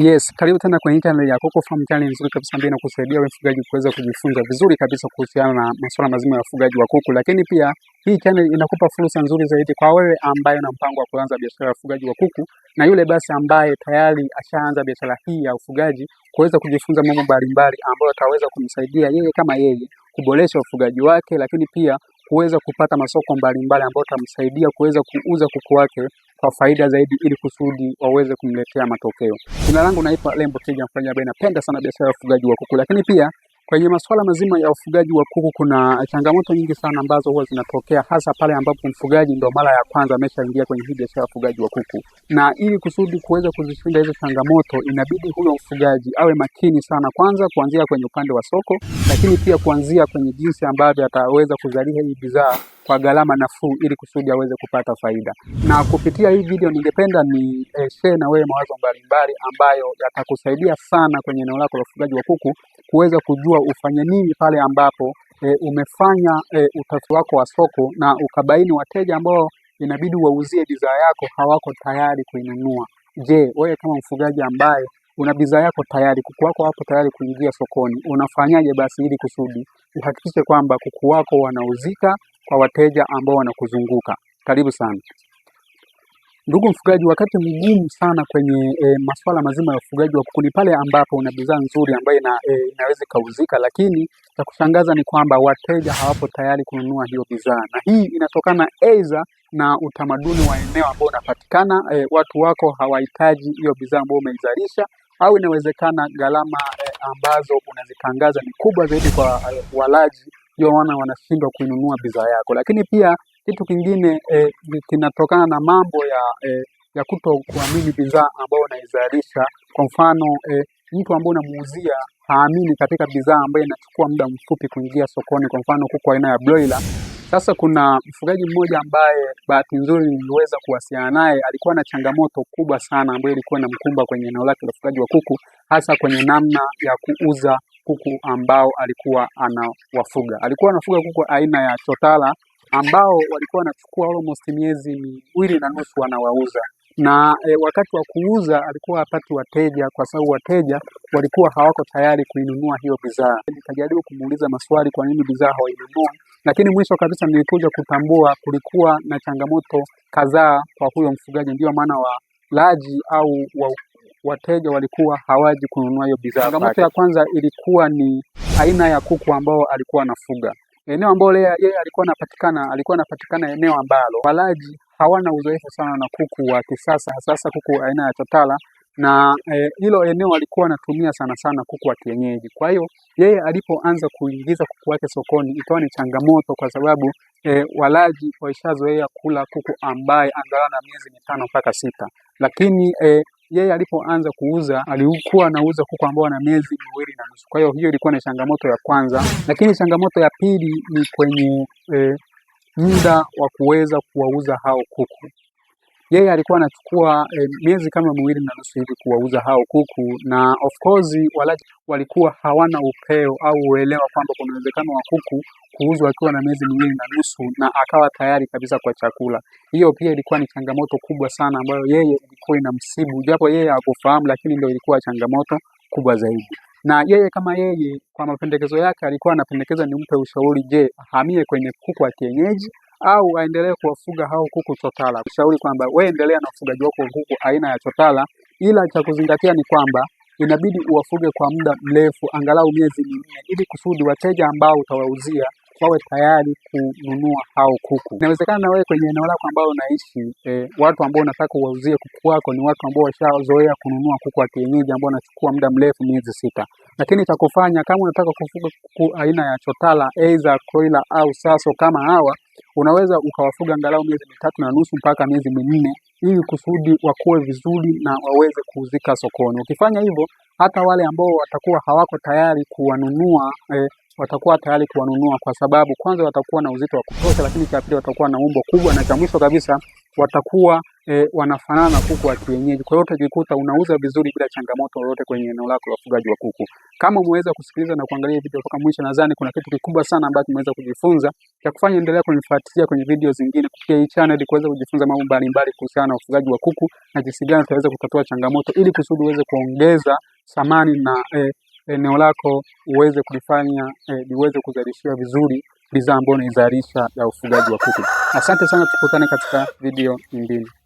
Yes, karibu tena kwenye channel ya Coco Farm, channel nzuri kabisa ambayo inakusaidia wewe mfugaji kuweza kujifunza vizuri kabisa kuhusiana na masuala mazima ya ufugaji wa kuku, lakini pia hii channel inakupa fursa nzuri zaidi kwa wewe ambaye una mpango wa kuanza biashara ya ufugaji wa kuku na yule basi ambaye tayari ashaanza biashara hii ya ufugaji kuweza kujifunza mambo mbalimbali ambayo ataweza kumsaidia yeye kama yeye kuboresha ufugaji wake, lakini pia kuweza kupata masoko mbalimbali ambayo atamsaidia kuweza kuuza kuku wake kwa faida zaidi, ili kusudi waweze kumletea matokeo. Jina langu naitwa Lembo Tija Mfanya, ambaye napenda sana biashara ya ufugaji wa kuku, lakini pia kwenye masuala mazima ya ufugaji wa kuku kuna changamoto nyingi sana ambazo huwa zinatokea, hasa pale ambapo mfugaji ndo mara ya kwanza ameshaingia kwenye hii biashara ya ufugaji wa kuku. Na ili kusudi kuweza kuzishinda hizo changamoto, inabidi huyo mfugaji awe makini sana, kwanza kuanzia kwenye upande wa soko, lakini pia kuanzia kwenye jinsi ambavyo ataweza kuzalisha hii bidhaa kwa gharama nafuu ili kusudi aweze kupata faida. Na kupitia hii video ningependa ni eh, share na wewe mawazo mbalimbali ambayo yatakusaidia sana kwenye eneo lako la ufugaji wa kuku kuweza kujua ufanye nini pale ambapo eh, umefanya eh, utafiti wako wa soko na ukabaini wateja ambao inabidi wauzie bidhaa yako hawako tayari kuinunua. Je, wewe kama mfugaji ambaye una bidhaa yako tayari, kuku wako wapo tayari kuingia sokoni, unafanyaje basi ili kusudi uhakikishe kwamba kuku wako wanauzika kwa wateja ambao wanakuzunguka? Karibu sana ndugu mfugaji. Wakati mgumu sana kwenye e, masuala mazima ya ufugaji wa kuku ni pale ambapo una bidhaa nzuri ambayo ina, e, inaweza ikauzika, lakini cha kushangaza ni kwamba wateja hawapo tayari kununua hiyo bidhaa, na hii inatokana aidha na utamaduni wa eneo ambao unapatikana. E, watu wako hawahitaji hiyo bidhaa ambayo umeizalisha au inawezekana gharama eh, ambazo unazitangaza ni kubwa zaidi kwa eh, walaji, ndio maana wanashindwa kuinunua bidhaa yako. Lakini pia kitu kingine eh, kinatokana na mambo ya eh, ya kuto kuamini bidhaa ambayo unaizalisha. Kwa mfano eh, mtu ambaye unamuuzia haamini katika bidhaa ambayo inachukua muda mfupi kuingia sokoni, kwa mfano kuku aina ya broiler sasa kuna mfugaji mmoja ambaye bahati nzuri niliweza kuwasiliana naye, alikuwa na changamoto kubwa sana ambayo ilikuwa na mkumba kwenye eneo lake la ufugaji wa kuku, hasa kwenye namna ya kuuza kuku ambao alikuwa anawafuga. Alikuwa anafuga kuku aina ya chotara ambao walikuwa wanachukua almost miezi miwili na nusu wanawauza na e, wakati wa kuuza alikuwa hapati wateja kwa sababu wateja walikuwa hawako tayari kuinunua hiyo bidhaa. Nikajaribu kumuuliza maswali, kwa nini bidhaa hawainunui, lakini mwisho kabisa nilikuja kutambua kulikuwa na changamoto kadhaa kwa huyo mfugaji, ndiyo maana walaji au wa wateja walikuwa hawaji kununua hiyo bidhaa. Changamoto ya kwanza ilikuwa ni aina ya kuku ambao alikuwa anafuga. Eneo ambalo yeye alikuwa anapatikana, alikuwa anapatikana eneo ambalo walaji hawana uzoefu sana na kuku wa kisasa, hasa kuku aina ya chotara na eh, hilo e, eneo alikuwa anatumia sana sana kuku wa kienyeji. Kwa hiyo yeye alipoanza kuingiza kuku wake sokoni ikawa ni changamoto, kwa sababu e, walaji waishazoea kula kuku ambaye angalau na miezi mitano mpaka sita, lakini e, yeye alipoanza kuuza alikuwa anauza kuku ambao wana miezi miwili na nusu. Kwa hiyo hiyo ilikuwa ni changamoto ya kwanza, lakini changamoto ya pili ni kwenye e, muda wa kuweza kuwauza hao kuku yeye alikuwa anachukua e, miezi kama miwili na nusu hivi kuwauza hao kuku, na of course walaji walikuwa hawana upeo au uelewa kwamba kuna uwezekano wa kuku kuuzwa akiwa na miezi miwili na nusu na akawa tayari kabisa kwa chakula. Hiyo pia ilikuwa ni changamoto kubwa sana ambayo yeye ilikuwa ina msibu, japo yeye hakufahamu, lakini ndio ilikuwa changamoto kubwa zaidi. Na yeye kama yeye, kwa mapendekezo yake, alikuwa anapendekeza nimpe ushauri, je, ahamie kwenye kuku wa kienyeji au aendelee kuwafuga hao kuku chotara. Kushauri kwamba wewe endelea na ufugaji wako kuku aina ya chotara, ila cha kuzingatia ni kwamba inabidi uwafuge kwa muda mrefu, angalau miezi minne, ili kusudi wateja ambao utawauzia wawe tayari kununua hao kuku. Inawezekana na wewe kwenye eneo lako ambao unaishi e, watu ambao unataka uwauzie kuku wako ni watu ambao washazoea kununua kuku wa kienyeji ambao wanachukua muda mrefu, miezi sita. Lakini kufanya kama unataka kufuga kuku aina ya chotara, aidha koila au saso kama hawa unaweza ukawafuga angalau miezi mitatu na nusu mpaka miezi minne, ili kusudi wakuwe vizuri na waweze kuuzika sokoni. Ukifanya hivyo, hata wale ambao watakuwa hawako tayari kuwanunua eh, watakuwa tayari kuwanunua kwa sababu kwanza watakuwa na uzito wa kutosha, lakini cha pili watakuwa na umbo kubwa, na cha mwisho kabisa watakuwa e, wanafanana na kuku wa kienyeji. Kwa hiyo utajikuta unauza vizuri bila changamoto yoyote kwenye eneo lako la ufugaji wa kuku. Kama umeweza kusikiliza na kuangalia video mpaka mwisho, nadhani kuna kitu kikubwa sana ambacho umeweza kujifunza. Cha kufanya endelea kunifuatilia kwenye video zingine kupitia hii channel ili kuweza kujifunza mambo mbalimbali kuhusiana na ufugaji wa kuku na jinsi gani utaweza kutatua changamoto ili kusudi uweze kuongeza thamani na e, eneo lako uweze kulifanya eh, liweze e, kuzalishiwa vizuri bidhaa ambayo unaizalisha ya ufugaji wa kuku. Asante sana, tukutane katika video nyingine.